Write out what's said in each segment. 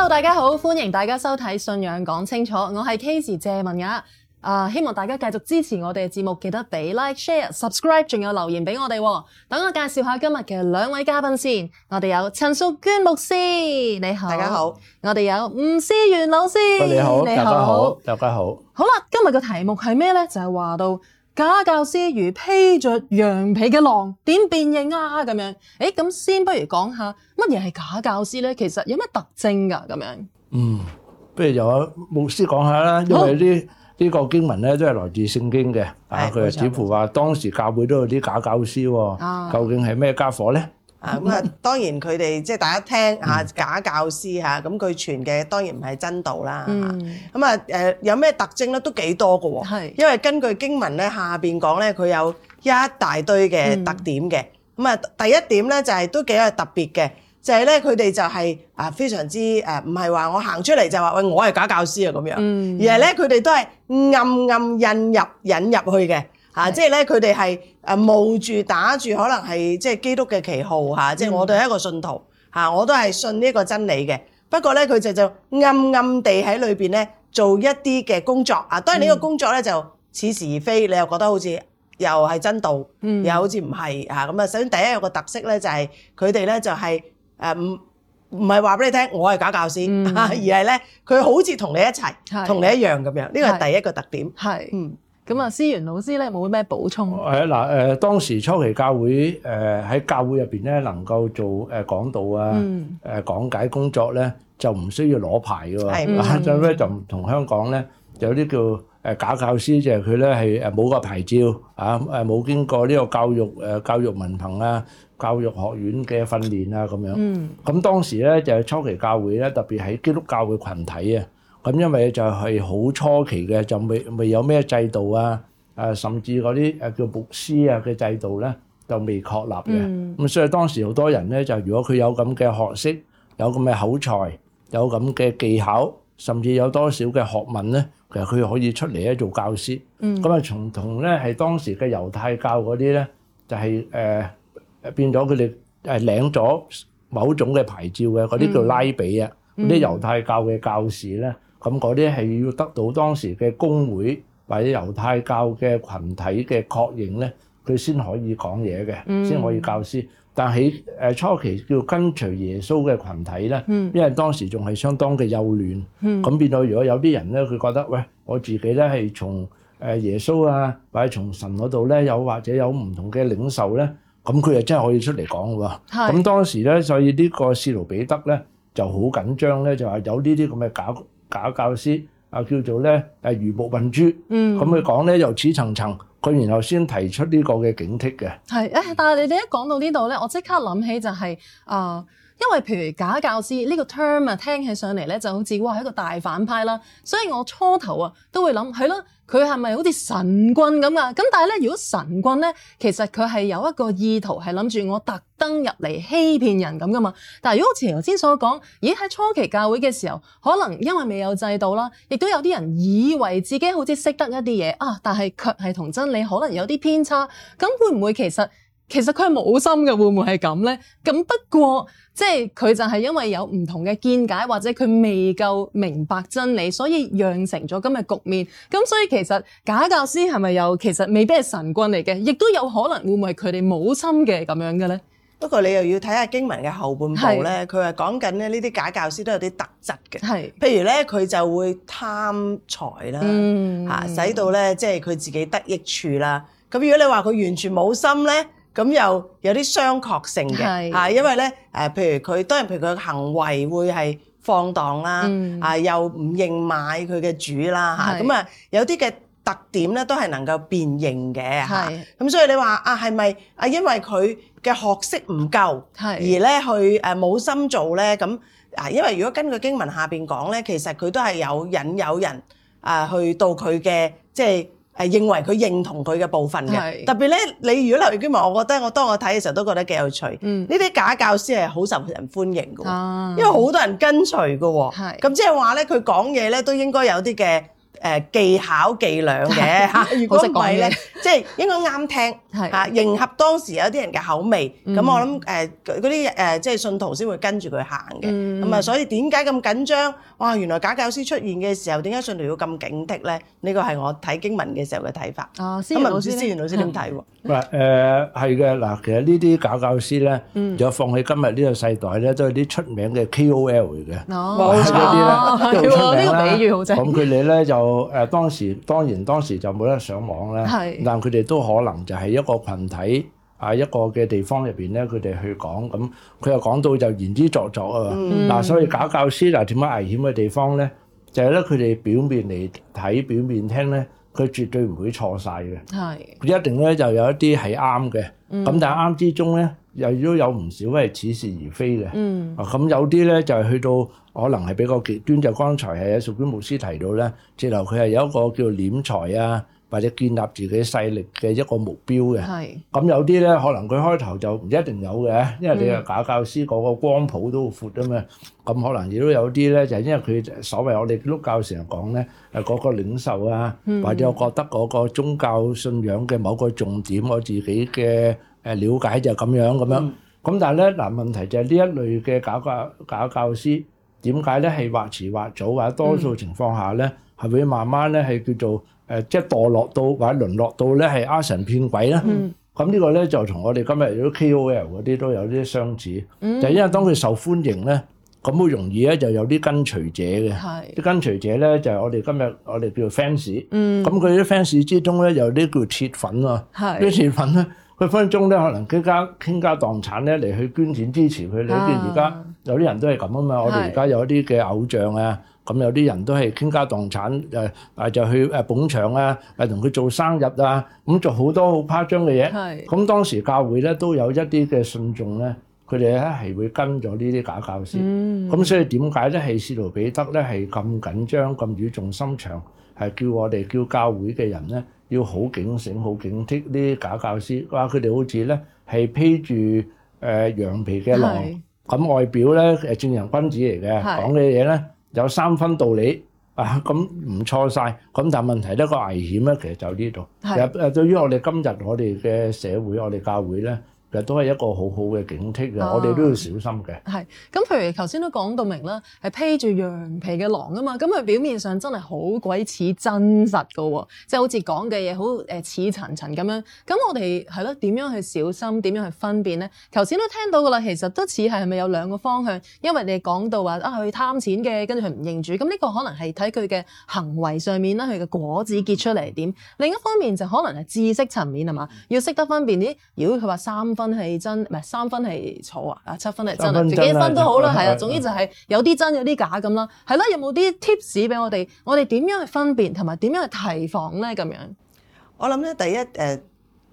Hello，大家好，歡迎大家收睇《信仰講清楚》，我係 Casey 謝文雅，啊、uh，希望大家繼續支持我哋嘅節目，記得俾 like、share、subscribe，仲有留言俾我哋、哦。等我介紹下今日嘅兩位嘉賓先，我哋有陳淑娟牧師，你好，大家好；我哋有吳思源老師，你好，大家好，大家好。好，好，好啦，今日嘅題目係咩呢？就係、是、話到。假教師如披著羊皮嘅狼，點辨認啊？咁樣，誒咁先不如講下乜嘢係假教師咧？其實有咩特徵㗎？咁樣，嗯，不如由牧師講下啦，因為呢呢、哦、個經文咧都係來自聖經嘅，啊，佢就似乎話當時教會都有啲假教師喎，啊、究竟係咩家伙咧？啊，咁啊、嗯，當然佢哋即係大家聽吓假教師吓，咁佢、嗯、傳嘅當然唔係真道啦。咁、嗯、啊，誒有咩特徵咧？都幾多㗎喎。因為根據經文咧，下邊講咧佢有一大堆嘅特點嘅。咁啊、嗯，第一點咧就係、是、都幾特別嘅，就係咧佢哋就係啊非常之誒，唔係話我行出嚟就話喂，我係假教師啊咁樣，嗯、而係咧佢哋都係暗暗引入引入去嘅。嚇、啊，即係咧，佢哋係誒冒住打住，可能係即係基督嘅旗號嚇、啊，即係我都係一個信徒嚇、啊，我都係信呢一個真理嘅。不過咧，佢哋就暗暗地喺裏邊咧做一啲嘅工作啊。當然呢個工作咧就似是而非，你又覺得好似又係真道，嗯、又好似唔係嚇。咁啊，首先第一個特色咧就係佢哋咧就係誒唔唔係話俾你聽，我係假教，教師、嗯、而係咧佢好似同你一齊，同的你一樣咁樣。呢個係第一個特點。係的，嗯。咁啊，思源老師咧冇咩補充？係啊，嗱，誒當時初期教會，誒喺教會入邊咧，能夠做誒講道啊、誒講解工作咧，就唔需要攞牌嘅喎。係，所以咧就唔同香港咧有啲叫誒假教師，就係佢咧係誒冇個牌照啊，誒冇經過呢個教育誒教育文憑啊、教育學院嘅訓練啊咁樣。嗯，咁當時咧就係初期教會咧，特別係基督教嘅羣體啊。咁因為就係好初期嘅，就未未有咩制度啊，啊甚至嗰啲誒叫牧師啊嘅制度咧，就未確立嘅。咁所以當時好多人咧，就如果佢有咁嘅學識，有咁嘅口才，有咁嘅技巧，甚至有多少嘅學問咧，其實佢可以出嚟咧做教師。咁啊，從同咧係當時嘅猶太教嗰啲咧，就係誒變咗佢哋誒領咗某種嘅牌照嘅，嗰啲叫拉比啊，嗰啲猶太教嘅教士咧。咁嗰啲係要得到當時嘅公會或者猶太教嘅羣體嘅確認咧，佢先可以講嘢嘅，先可以教師。但喺誒初期叫跟隨耶穌嘅羣體咧，因為當時仲係相當嘅幼嫩，咁變到如果有啲人咧，佢覺得喂，我自己咧係從誒耶穌啊，或者從神嗰度咧，又或者有唔同嘅領袖咧，咁佢又真係可以出嚟講喎。咁當時咧，所以呢個使徒彼得咧就好緊張咧，就話有呢啲咁嘅假。假教師啊，叫做咧誒魚目混珠，咁佢講咧又似層層，佢然後先提出呢個嘅警惕嘅。係，誒，但係你哋一講到呢度咧，我即刻諗起就係、是、啊。呃因為譬如假教師呢個 term 啊，聽起上嚟咧就好似哇一個大反派啦，所以我初頭啊都會諗係咯，佢係咪好似神棍咁啊？咁但係咧，如果神棍咧，其實佢係有一個意圖係諗住我特登入嚟欺騙人咁噶嘛。但係如果我前頭先所講，咦喺初期教會嘅時候，可能因為未有制度啦，亦都有啲人以為自己好似識得一啲嘢啊，但係卻係同真理可能有啲偏差，咁會唔會其實？其實佢係冇心嘅，會唔會係咁呢？咁不過即係佢就係因為有唔同嘅見解，或者佢未夠明白真理，所以釀成咗今日局面。咁所以其實假教師係咪又其實未必係神棍嚟嘅？亦都有可能會唔會係佢哋冇心嘅咁樣嘅呢？不過你又要睇下經文嘅後半部呢，佢係講緊呢呢啲假教師都有啲特質嘅，係是譬如呢，佢就會貪財啦，嚇、嗯、使到呢，即係佢自己得益處啦。咁如果你話佢完全冇心呢？咁又有啲商榷性嘅，嚇是，因為咧誒，譬如佢當然，譬如佢嘅行為會係放蕩啦，啊，又唔認買佢嘅主啦嚇，咁啊有啲嘅特點咧都係能夠辨認嘅嚇，咁是、啊、所以你話啊係咪啊因為佢嘅學識唔夠，是而咧去誒冇心做咧咁啊？因為如果根據經文下邊講咧，其實佢都係有引誘人啊去到佢嘅即係。係認為佢認同佢嘅部分嘅，是特別咧，你如果留意經文，我覺得我當我睇嘅時候都覺得幾有趣。嗯，呢啲假教師係好受人歡迎㗎喎，啊、因為好多人跟隨嘅喎。咁是即係話咧，佢講嘢咧都應該有啲嘅。誒技巧伎倆嘅嚇，如果唔係咧，即係應該啱聽嚇，迎合當時有啲人嘅口味。咁我諗誒嗰啲誒即係信徒先會跟住佢行嘅。咁啊，所以點解咁緊張？哇！原來假教師出現嘅時候，點解信徒要咁警惕咧？呢個係我睇經文嘅時候嘅睇法。哦，思源老師點睇喎？嗱誒係嘅嗱，其實呢啲假教師咧，嗯，又放喺今日呢個世代咧，都係啲出名嘅 KOL 嚟嘅。哦，冇錯，好出名啦。呢個比喻好正。咁佢哋咧就。誒、哦啊，當時當然當時就冇得上網咧，是但佢哋都可能就係一個群體啊，一個嘅地方入邊咧，佢哋去講咁，佢、嗯、又、嗯、講到就言之鑿鑿、嗯、啊。嗱，所以假教師嗱，點解危險嘅地方咧，就係咧佢哋表面嚟睇表面聽咧，佢絕對唔會錯晒嘅，係是，一定咧就有一啲係啱嘅，咁、嗯嗯、但係啱之中咧。又都有唔少係似是而非嘅，啊咁有啲咧就係去到可能係比較極端，就剛才係有聖經牧師提到咧，直頭佢係有一個叫斂財啊，或者建立自己勢力嘅一個目標嘅。係咁有啲咧，可能佢開頭就唔一定有嘅，因為你個假教師嗰個光譜都闊啊嘛，咁可能亦都有啲咧，就係因為佢所謂我哋基督教成日講咧，誒嗰個領袖啊，或者我覺得嗰個宗教信仰嘅某個重點，我自己嘅。誒了解就咁樣咁樣，咁但係咧嗱問題就係呢一類嘅假教假教師點解咧係或遲或早啊，或者多數情況下咧係會慢慢咧係叫做誒，即係墮落到或者淪落到咧係阿神騙鬼咧。咁呢個咧就同我哋今日有啲 KOL 嗰啲都有啲相似。就因為當佢受歡迎咧，咁好容易咧就有啲跟隨者嘅。啲跟隨者咧就係我哋今日我哋叫做 fans。咁佢啲 fans 之中咧有啲叫鐵粉啊。啲鐵粉咧。佢分分鐘咧，可能傾家傾家蕩產咧嚟去捐錢支持佢哋。你見而家有啲人都係咁啊嘛！我哋而家有一啲嘅偶像啊，咁有啲人都係傾家蕩產誒，就去誒捧場啊，誒同佢做生日啊，咁做好多好誇張嘅嘢。咁當時教會咧都有一啲嘅信眾咧，佢哋咧係會跟咗呢啲假教師。咁所以點解咧？係使徒彼得咧係咁緊張、咁語重心長，係叫我哋叫教會嘅人咧。要好警醒、好警惕啲假教師，話佢哋好似咧係披住誒羊皮嘅狼，咁外表咧誒正人君子嚟嘅，講嘅嘢咧有三分道理啊，咁唔錯曬。咁但問題呢個危險咧，其實就呢度。係，誒，對於我哋今日我哋嘅社會、我哋教會咧。其實都係一個好好嘅警惕啊！我哋都要小心嘅。係，咁譬如頭先都講到明啦，係披住羊皮嘅狼啊嘛，咁佢表面上真係好鬼似真實噶，即係好似講嘅嘢好誒似層層咁樣。咁我哋係咯，點樣去小心？點樣去分辨咧？頭先都聽到噶啦，其實都似係係咪有兩個方向？因為你講到話啊，佢貪錢嘅，跟住佢唔認主，咁呢個可能係睇佢嘅行為上面啦，佢嘅果子結出嚟點？另一方面就可能係知識層面係嘛，要識得分辨啲。如果佢話三分係真唔係三分係錯啊，啊七分係真啦，幾分，分都好啦，係啊，總之就係有啲真有啲假咁啦，係啦，有冇啲 tips 俾我哋？我哋點樣去分辨同埋點樣去提防咧？咁樣，我諗咧第一誒。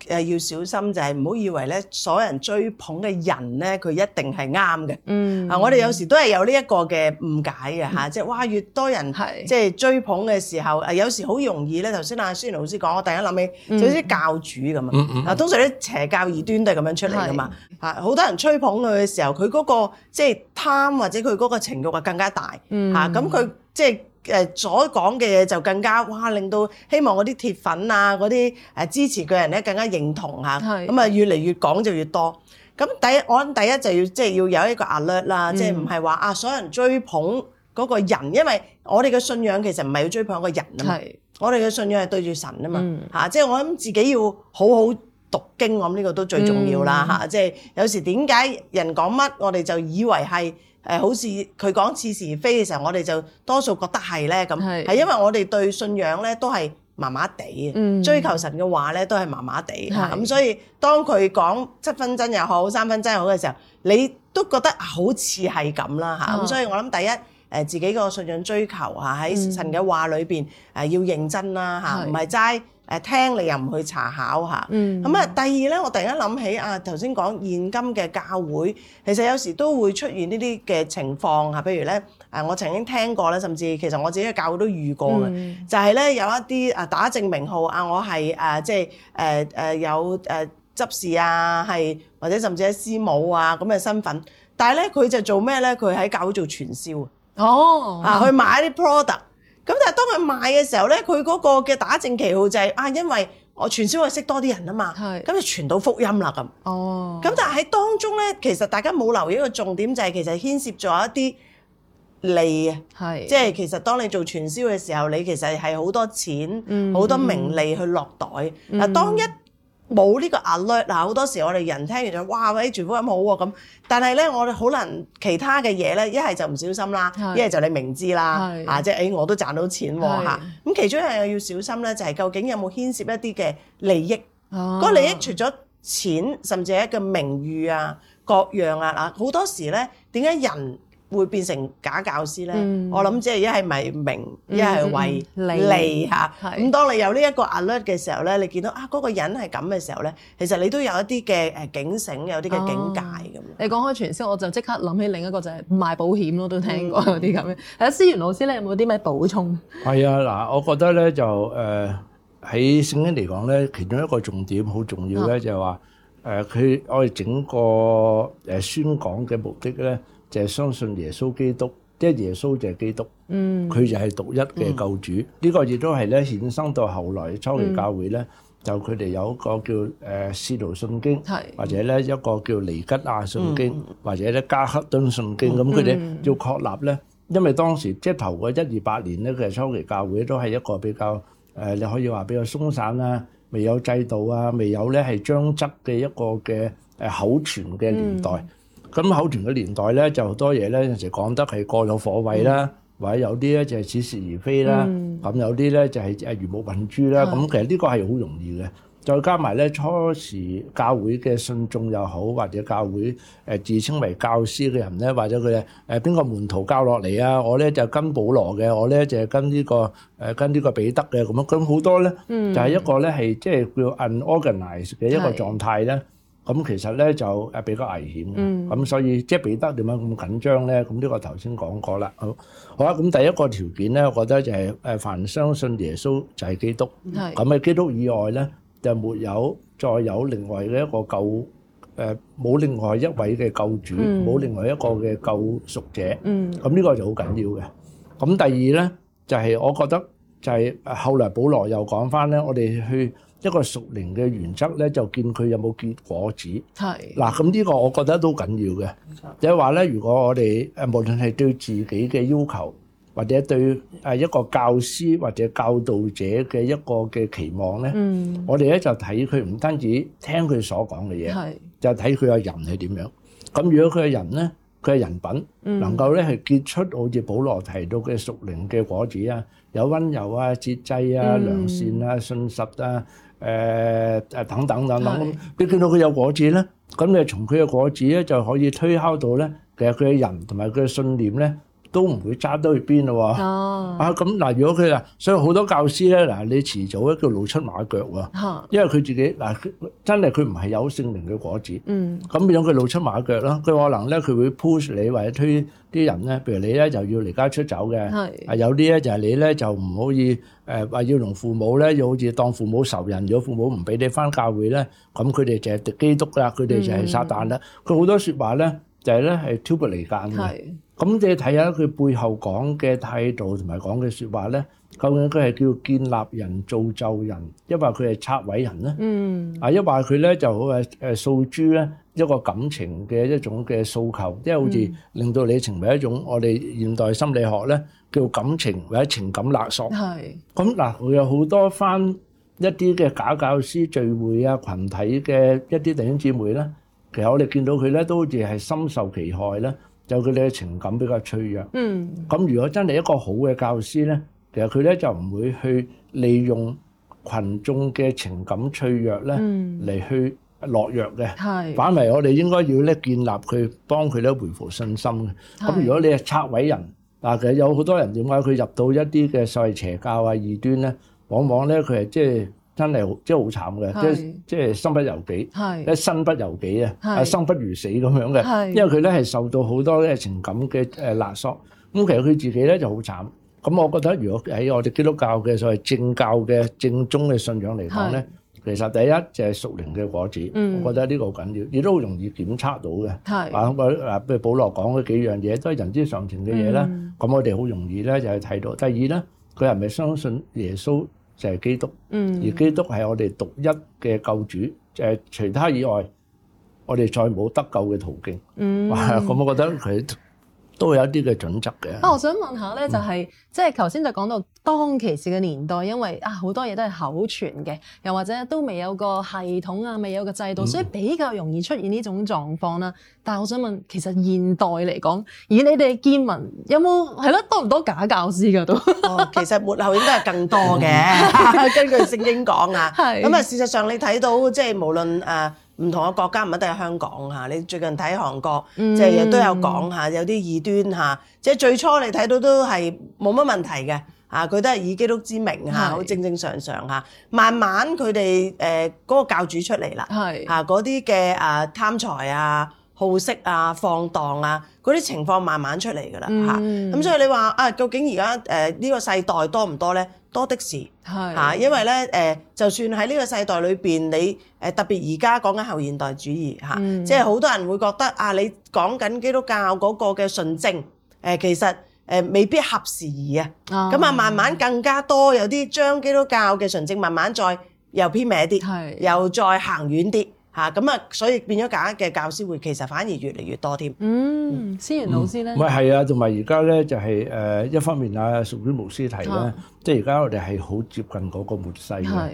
誒要小心就係唔好以為咧，所有人追捧嘅人咧，佢一定係啱嘅。嗯啊，啊，我哋有時都係有呢一個嘅誤解嘅嚇，即係哇，越多人即係、就是、追捧嘅時候，誒是有時好容易咧。頭先阿孫老師講，我突然間諗起，就好似啲教主咁啊。啊，通常咧邪教異端都係咁樣出嚟㗎嘛。係。好多人吹捧佢嘅時候，佢嗰個即係貪或者佢嗰個情慾啊更加大。嗯。咁佢即係。嗯嗯嗯嗯嗯誒所講嘅嘢就更加哇，令到希望嗰啲鐵粉啊，嗰啲誒支持嘅人咧更加認同嚇。咁啊是，越嚟越講就越多。咁第一，我諗第一就要即係、就是、要有一個 alert 啦，嗯、即係唔係話啊所有人追捧嗰個人，因為我哋嘅信仰其實唔係要追捧嗰個人啊嘛。我哋嘅信仰係對住神啊嘛嚇，即係我諗自己要好好讀經，我諗呢個都最重要啦嚇、嗯啊。即係有時點解人講乜，我哋就以為係。誒好似佢講似是而非嘅時候，我哋就多數覺得係咧咁，係是因為我哋對信仰咧都係麻麻地嘅，嗯、追求神嘅話咧都係麻麻地，咁是、嗯、所以當佢講七分真又好，三分真又好嘅時候，你都覺得好似係咁啦嚇，咁、哦、所以我諗第一誒、呃、自己個信仰追求嚇喺神嘅話裏邊誒要認真啦嚇，唔係齋。是誒聽你又唔去查考嚇，咁啊、嗯、第二咧，我突然間諗起啊，頭先講現今嘅教會，其實有時都會出現呢啲嘅情況嚇，譬如咧誒，我曾經聽過咧，甚至其實我自己嘅教會都遇過嘅，嗯、就係咧有一啲啊打正名號啊，我係誒、呃、即係誒誒有誒執事啊，係或者甚至係師母啊咁嘅身份，但係咧佢就做咩咧？佢喺教會做傳銷啊，啊、哦、去買啲 product。咁但係當佢賣嘅時候咧，佢嗰個嘅打正旗號就係、是、啊，因為我傳銷我識多啲人啊嘛，咁是就傳到福音啦咁。哦，咁但係喺當中咧，其實大家冇留意一個重點就係、是、其實牽涉咗一啲利啊，是即係其實當你做傳銷嘅時候，你其實係好多錢、好、嗯、多名利去落袋嗱。當一冇呢個 alert 嗱，好多時我哋人聽完就哇喂，全部咁好喎咁，但係咧我哋可能其他嘅嘢咧，一係就唔小心啦，一係是就你明知啦，是啊即係誒、哎、我都賺到錢喎嚇，咁是、啊、其中係又要小心咧，就係、是、究竟有冇牽涉一啲嘅利益，嗰、啊、個利益除咗錢，甚至係一個名譽啊，各樣啊，嗱好多時咧，點解人？會變成假教師咧，我諗即係一係為名，一係為利嚇。咁當你有呢一個 alert 嘅時候咧，你見到啊嗰個人係咁嘅時候咧，其實你都有一啲嘅誒警醒，有啲嘅警戒咁。你講開傳銷，我就即刻諗起另一個就係賣保險咯，都聽過有啲咁樣。係啊，思源老師，你有冇啲咩補充？係啊，嗱，我覺得咧就誒喺聖經嚟講咧，其中一個重點好重要咧，就係話誒佢我哋整個誒宣講嘅目的咧。就係相信耶穌基督，即係耶穌就係基督，佢就係獨一嘅救主。呢個亦都係咧衍生到後來初期教會咧，就佢哋有一個叫誒司徒信經，或者咧一個叫尼吉亞信經，或者咧加克敦信經。咁佢哋要確立咧，因為當時即係頭個一二百年咧，佢哋初期教會都係一個比較誒，你可以話比較鬆散啦，未有制度啊，未有咧係章則嘅一個嘅誒口傳嘅年代。咁口傳嘅年代咧，就好多嘢咧。有時講得係過有火位啦，或者有啲咧就係似是而非啦。咁有啲咧就係誒語無倫次啦。咁其實呢個係好容易嘅。再加埋咧，初時教會嘅信眾又好，或者教會誒自稱為教師嘅人咧，或者佢哋誒邊個門徒教落嚟啊？我咧就跟保羅嘅，我咧就係跟呢個誒跟呢個彼得嘅咁樣。咁好多咧，就係一個咧係即係叫 unorganised 嘅一個狀態咧。咁其實咧就誒比較危險嘅，咁所以即係彼得點解咁緊張咧？咁呢個頭先講過啦。好，好啦，咁第一個條件咧，我覺得就係誒凡相信耶穌就係基督。咁喺基督以外咧，就沒有再有另外嘅一個救誒冇另外一位嘅救主，冇另外一個嘅救贖者。咁呢個就好緊要嘅。咁第二咧就係我覺得就係後來保羅又講返咧，我哋去。一個屬靈嘅原則咧，就見佢有冇結果子。係嗱，咁呢個我覺得都緊要嘅。就係話咧，如果我哋誒無論係對自己嘅要求，或者對誒一個教師或者教導者嘅一個嘅期望咧，嗯，我哋咧就睇佢唔單止聽佢所講嘅嘢，係就睇佢嘅人係點樣。咁如果佢嘅人咧，佢嘅人品能夠咧係結出好似保羅提到嘅屬靈嘅果子啊，有溫柔啊、節制啊、良善啊、信實啊。誒等等等等，你的見到佢有果子咧，咁你從佢嘅果子咧就可以推敲到咧，其實佢嘅人同埋佢嘅信念咧。都唔會揸到去邊咯喎！哦、啊咁嗱，如果佢啊，所以好多教師咧嗱，你遲早咧叫露出馬腳喎、啊，哈 因為佢自己嗱真係佢唔係有聖靈嘅果子，咁變咗佢露出馬腳啦、啊。佢可能咧佢會 push 你或者推啲人咧，譬如你咧就要離家出走嘅，是 有啲咧就係、是、你咧就唔可以誒話、呃、要同父母咧，要好似當父母仇人，如果父母唔俾你翻教會咧，咁佢哋就係敵基督啦、啊，佢哋就係撒旦啦、啊。佢好、嗯嗯、多説話咧，就係咧係挑撥離間嘅。嗯。咁你睇下佢背後講嘅態度同埋講嘅說話咧，究竟佢係叫建立人造就人，抑或佢係拆毀人咧？嗯，啊抑或佢咧就好誒誒訴諸咧一個感情嘅一種嘅訴求，即係好似令到你成為一種我哋現代心理學咧叫感情或者情感勒索。係。咁嗱，會有好多翻一啲嘅假教師聚會啊，群體嘅一啲弟兄姊妹咧，其實我哋見到佢咧都好似係深受其害咧。就佢哋嘅情感比較脆弱，咁如果真係一個好嘅教師咧，其實佢咧就唔會去利用羣眾嘅情感脆弱咧嚟去落藥嘅，反為我哋應該要咧建立佢幫佢咧回復信心嘅。咁如果你係拆毀人，嗱其實有好多人點解佢入到一啲嘅所謂邪教啊、異端咧，往往咧佢係即係。真係好，真係好慘嘅，是即係即係身不由己，一身是不由己啊，啊是生不如死咁樣嘅。是因為佢咧係受到好多咧情感嘅誒勒索，咁其實佢自己咧就好慘。咁我覺得如果喺我哋基督教嘅所謂正教嘅正宗嘅信仰嚟講咧，是其實第一就係屬靈嘅果子，是我覺得呢個好緊要，亦都好容易檢測到嘅。係是，透過誒譬如保羅講嗰幾樣嘢，都係人之常情嘅嘢啦。咁我哋好容易咧就去睇到。嗯嗯、第二咧，佢係咪相信耶穌？就係基督，而基督係我哋獨一嘅救主。誒、就係，除他以外，我哋再冇得救嘅途徑，話咁樣我覺得佢。都有一啲嘅準則嘅。啊，我想問下咧，就係即係頭先就講到當其時嘅年代，因為啊好多嘢都係口傳嘅，又或者都未有個系統啊，未有個制度，嗯、所以比較容易出現呢種狀況啦。但係我想問，其實現代嚟講，以你哋見聞有冇係咯？多唔多假教師㗎都、 哦？其實末後應該係更多嘅， 根據聖經講啊。係 是。咁啊，事實上你睇到、就係、即係無論啊。唔同嘅國家，唔一定係香港嚇，你最近睇韓國，即係都有講嚇，有啲異端嚇，即係最初你睇到都係冇乜問題嘅嚇，佢都係以基督之名嚇，好是正正常常嚇，慢慢佢哋誒嗰個教主出嚟啦嚇，嗰啲嘅誒貪財啊～好色啊、放蕩啊，嗰啲情況慢慢出嚟噶啦嚇。咁、嗯啊、所以你話啊，究竟而家誒呢個世代多唔多呢？多的時嚇是、啊，因為呢，誒、呃，就算喺呢個世代裏邊，你誒、呃、特別而家講緊後現代主義嚇，啊嗯、即係好多人會覺得啊，你講緊基督教嗰個嘅純正誒、呃，其實誒、呃、未必合時宜啊。咁、哦、啊，慢慢更加多有啲將基督教嘅純正慢慢再又偏歪啲，是是又再行遠啲。嚇咁啊，所以變咗假嘅教師會，其實反而越嚟越多添。嗯，思源老師咧，咪係啊，同埋而家咧就係誒一方面啊，屬於牧師提咧，即係而家我哋係好接近嗰個末世嘅。係。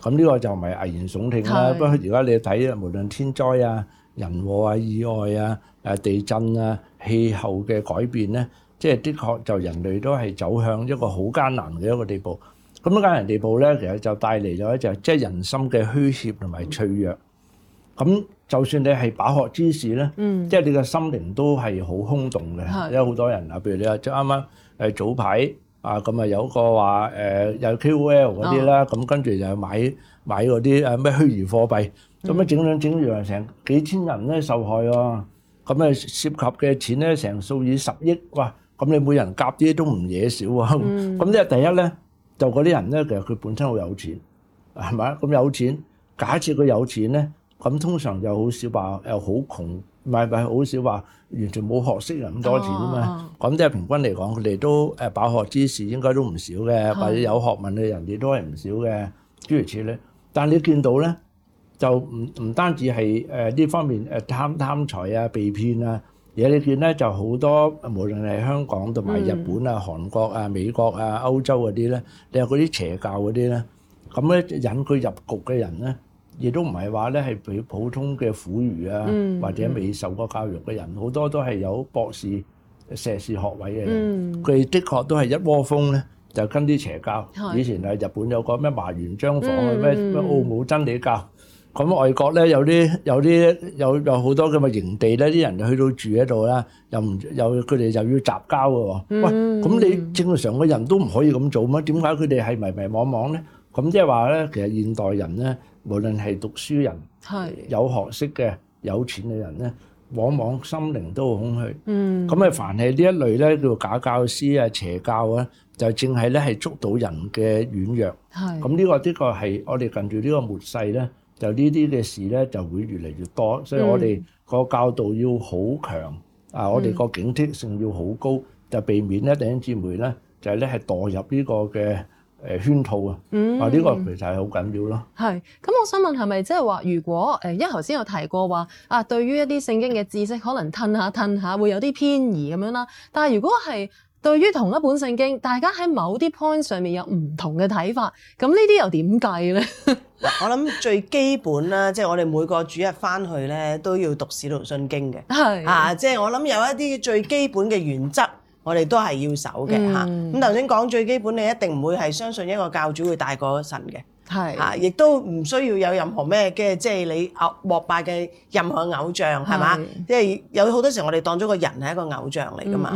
咁呢個就唔係危言聳聽啦。不過而家你睇啊，無論天災啊、人禍啊、意外啊、誒地震啊、氣候嘅改變咧，即係的確就人類都係走向一個好艱難嘅一個地步。咁呢個艱難地步咧，其實就帶嚟咗就即係人心嘅虛怯同埋脆弱。咁就算你係飽學之士咧，即係你個心靈都係好空洞嘅。有好多人啦，譬如你話即係啱啱誒早排啊，咁啊有個話誒有 KOL 嗰啲啦，咁跟住就買買嗰啲誒咩虛擬貨幣，咁樣整兩整完成幾千人咧受害喎，咁咧涉及嘅錢咧成數以十億哇，咁你每人夾啲都唔野少啊。咁呢個第一咧，就嗰啲人咧其實佢本身好有錢係咪？咁有錢，假設佢有錢咧。咁通常就好少話，又好窮，唔係唔係好少話，完全冇學識人咁多錢啊嘛。咁即係平均嚟講，佢哋都誒飽學之士應該都唔少嘅，或者有學問嘅人哋都係唔少嘅諸如此類。但你見到咧，就唔唔單止係誒呢方面誒貪貪財啊、被騙啊而，你見咧就好多，無論係香港同埋日本啊、韓國啊、美國啊、歐洲嗰啲咧，你話嗰啲邪教嗰啲咧，咁咧引佢入局嘅人咧。亦都唔係話咧，係比普通嘅苦儒啊，或者未受過教育嘅人，好多都係有博士、碩士學位嘅人。佢哋的確都係一窩蜂咧，就跟啲邪教。以前啊，日本有個咩麻原彰晃嘅咩咩奧姆真理教。咁外國咧有啲有啲有有好多咁嘅營地咧，啲人去到住喺度啦，又唔又佢哋又要雜交嘅喎。喂，咁你正常嘅人都唔可以咁做咩？點解佢哋係迷迷惘惘咧？咁即係話咧，其實現代人咧。無論係讀書人，係有學識嘅有錢嘅人咧，往往心靈都好空虛。嗯，咁啊，凡係呢一類咧叫假教師啊、邪教啊，就淨係咧係捉到人嘅軟弱。係，咁呢個呢個係我哋近住呢個末世咧，就呢啲嘅事咧就會越嚟越多，所以我哋個教導要好強啊，我哋個警惕性要好高，就避免咧頂住唔會咧就咧係墮入呢個嘅。誒圈套啊，嗯！啊，呢個其實係好緊要咯。係，咁我想問係咪即係話，如果誒一頭先有提過話啊，對於一啲聖經嘅知識可能褪下褪下，會有啲偏移咁樣啦。但係如果係對於同一本聖經，大家喺某啲 point 上面有唔同嘅睇法，咁呢啲又點計咧？ 我諗最基本啦，即係我哋每個主日翻去咧都要讀使徒信經嘅。係啊，即係我諗有一啲最基本嘅原則。我哋都係要守嘅嚇，咁頭先講最基本，你一定唔會係相信一個教主會大過神嘅，係啊，亦都唔需要有任何咩嘅，即係你惡膜拜嘅任何偶像係嘛？即係有好多時我哋當咗個人係一個偶像嚟㗎嘛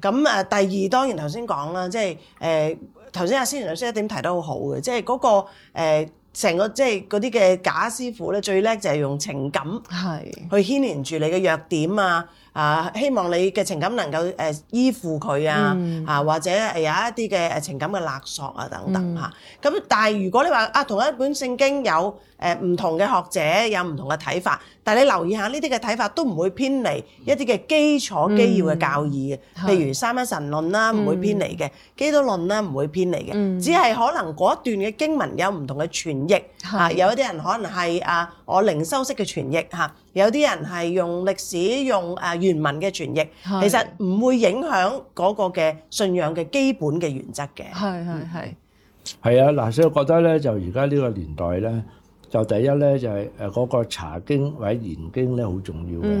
嚇。咁啊，第二當然頭先講啦，即係誒頭先阿先鋒老師一點提得好好嘅，即係嗰個誒成個即係嗰啲嘅假師傅咧，最叻就係用情感係去牽連住你嘅弱點啊。啊！希望你嘅情感能夠誒依附佢啊！啊、嗯，或者誒有一啲嘅誒情感嘅勒索啊等等吓，咁、嗯、但係如果你話啊，同一本聖經有。誒唔同嘅學者有唔同嘅睇法，但係你留意下呢啲嘅睇法都唔會偏離一啲嘅基礎基要嘅教義嘅，譬如三一神論啦，唔會偏離嘅；基督論啦，唔會偏離嘅。只係可能嗰一段嘅經文有唔同嘅傳譯吓，有一啲人可能係啊我靈修式嘅傳譯吓，有啲人係用歷史用誒原文嘅傳譯，其實唔會影響嗰個嘅信仰嘅基本嘅原則嘅。係係係。係啊嗱，所以我覺得咧，就而家呢個年代咧。就第一咧，就係誒嗰個查經或者研經咧，好重要嘅。咁誒、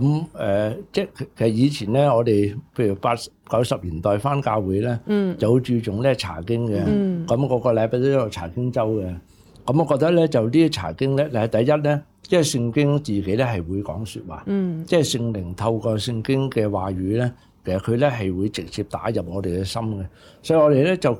嗯呃，即係其實以前咧，我哋譬如八九十年代返教會咧，嗯、就好注重咧查經嘅。咁個、嗯、個禮拜都有查經週嘅。咁我覺得咧，就呢啲查經咧，嗱第一咧，即、就、係、是、聖經自己咧係會講説話，即係、嗯、聖靈透過聖經嘅話語咧，其實佢咧係會直接打入我哋嘅心嘅。所以我哋咧就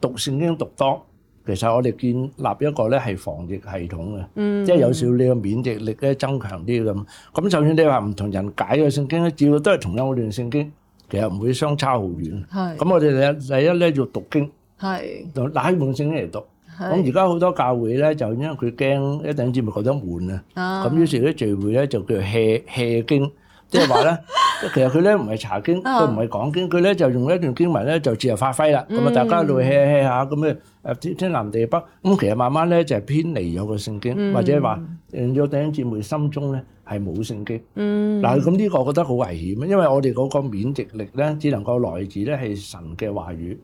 讀聖經讀多。其實我哋建立一個咧係防疫系統嘅，即係有少少你嘅免疫力咧增強啲咁。咁就算你話唔同人解嘅聖經，只要都係同樣一段聖經，其實唔會相差好遠。係咁，我哋第第一咧要讀經，係拿一本聖經嚟讀。咁而家好多教會咧，就因為佢驚一等節目覺得悶啊，咁於是咧聚會咧就叫做 hea hea 經。即係話咧，其實佢咧唔係查經，佢唔係講經，佢咧就用一段經文咧就自由發揮啦。咁啊、嗯，大家一路 hea 下 hea 下，咁啊誒天南地北。咁其實慢慢咧就係偏離咗個聖經，嗯、或者話有弟兄姐妹心中咧係冇聖經。嗱、嗯，咁呢、呢個我覺得好危險啊，因為我哋嗰個免疫力咧只能夠來自咧係神嘅話語。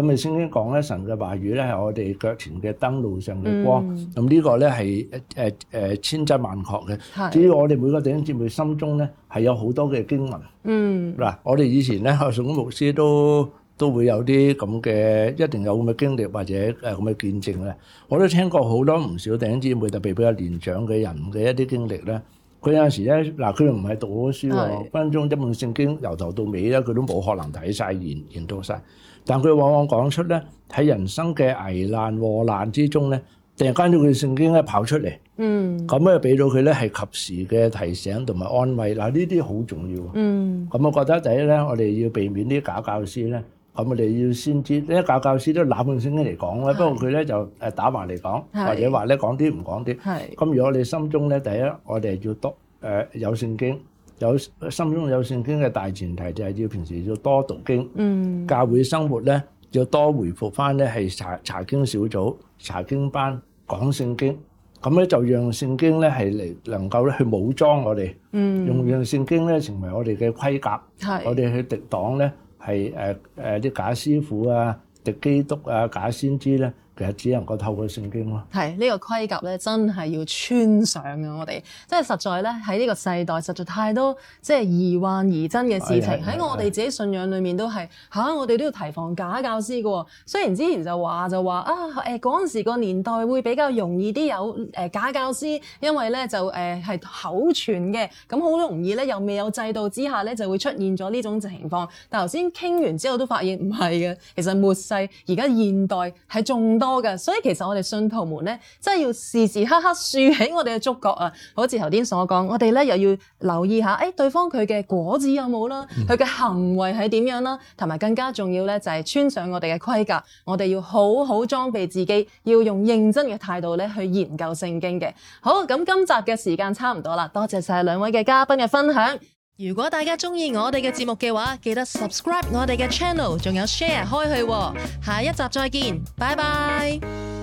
咁啊，先先講咧，神嘅話語咧係我哋腳前嘅燈，路上嘅光，咁、嗯、呢個咧係誒誒千真萬確嘅。至於我哋每個弟兄姊妹心中咧，係有好多嘅經文。嗯，嗱，我哋以前咧，我做過牧師都都會有啲咁嘅，一定有咁嘅經歷或者誒咁嘅見證咧。我都聽過好多唔少弟兄姊妹，特別比較年長嘅人嘅一啲經歷咧。佢有陣時咧，嗱佢唔係讀好書喎，分分鐘一本聖經由頭到尾咧，佢都冇可能睇晒，研研讀晒。但佢往往講出咧，喺人生嘅危難禍難之中咧，突然間將佢嘅聖經咧跑出嚟，嗯，咁咧俾到佢咧係及時嘅提醒同埋安慰，嗱呢啲好重要，嗯，咁我覺得第一咧，我哋要避免啲假教師咧，咁我哋要先知呢啲假教師都攬半聖經嚟講咧，不過佢咧就誒打橫嚟講，是或者話咧講啲唔講啲，咁是如果我哋心中咧第一，我哋要督誒、呃、有聖經。有心中有聖經嘅大前提，就係要平時要多讀經。嗯，教會生活咧要多回復翻咧，係查查經小組、查經班講聖經。咁咧就讓聖經咧係嚟能夠咧去武裝我哋。嗯，用讓聖經咧成為我哋嘅盔甲。係是，我哋去敵擋咧係誒誒啲假師傅啊、敵基督啊、假先知咧。其實只能夠透過聖經咯。係呢、呢個盔甲咧，真係要穿上嘅。我哋即係實在咧，喺呢個世代，實在太多即係疑幻疑真嘅事情。喺、哎、呀我哋自己信仰裏面都係嚇、啊，我哋都要提防假教師嘅、哦。雖然之前就話就話啊，誒嗰陣時個年代會比較容易啲有誒假教師，因為咧就誒係、欸、口傳嘅，咁好容易咧又未有制度之下咧就會出現咗呢種情況。但頭先傾完之後都發現唔係嘅，其實末世而家現，現代係仲多。所以其實我哋信徒們咧，真係要時時刻刻豎起我哋嘅觸角啊！好似頭先所講，我哋咧又要留意下，誒、哎，對方佢嘅果子有冇啦，佢嘅行為係點樣啦、啊，同埋更加重要咧就係、是、穿上我哋嘅盔甲，我哋要好好裝備自己，要用認真嘅態度咧去研究聖經嘅。好，咁今集嘅時間差唔多啦，多謝晒兩位嘅嘉賓嘅分享。如果大家中意我哋嘅節目嘅話，記得 subscribe 我哋嘅 channel，仲有 share 開去喎。下一集再見，拜拜。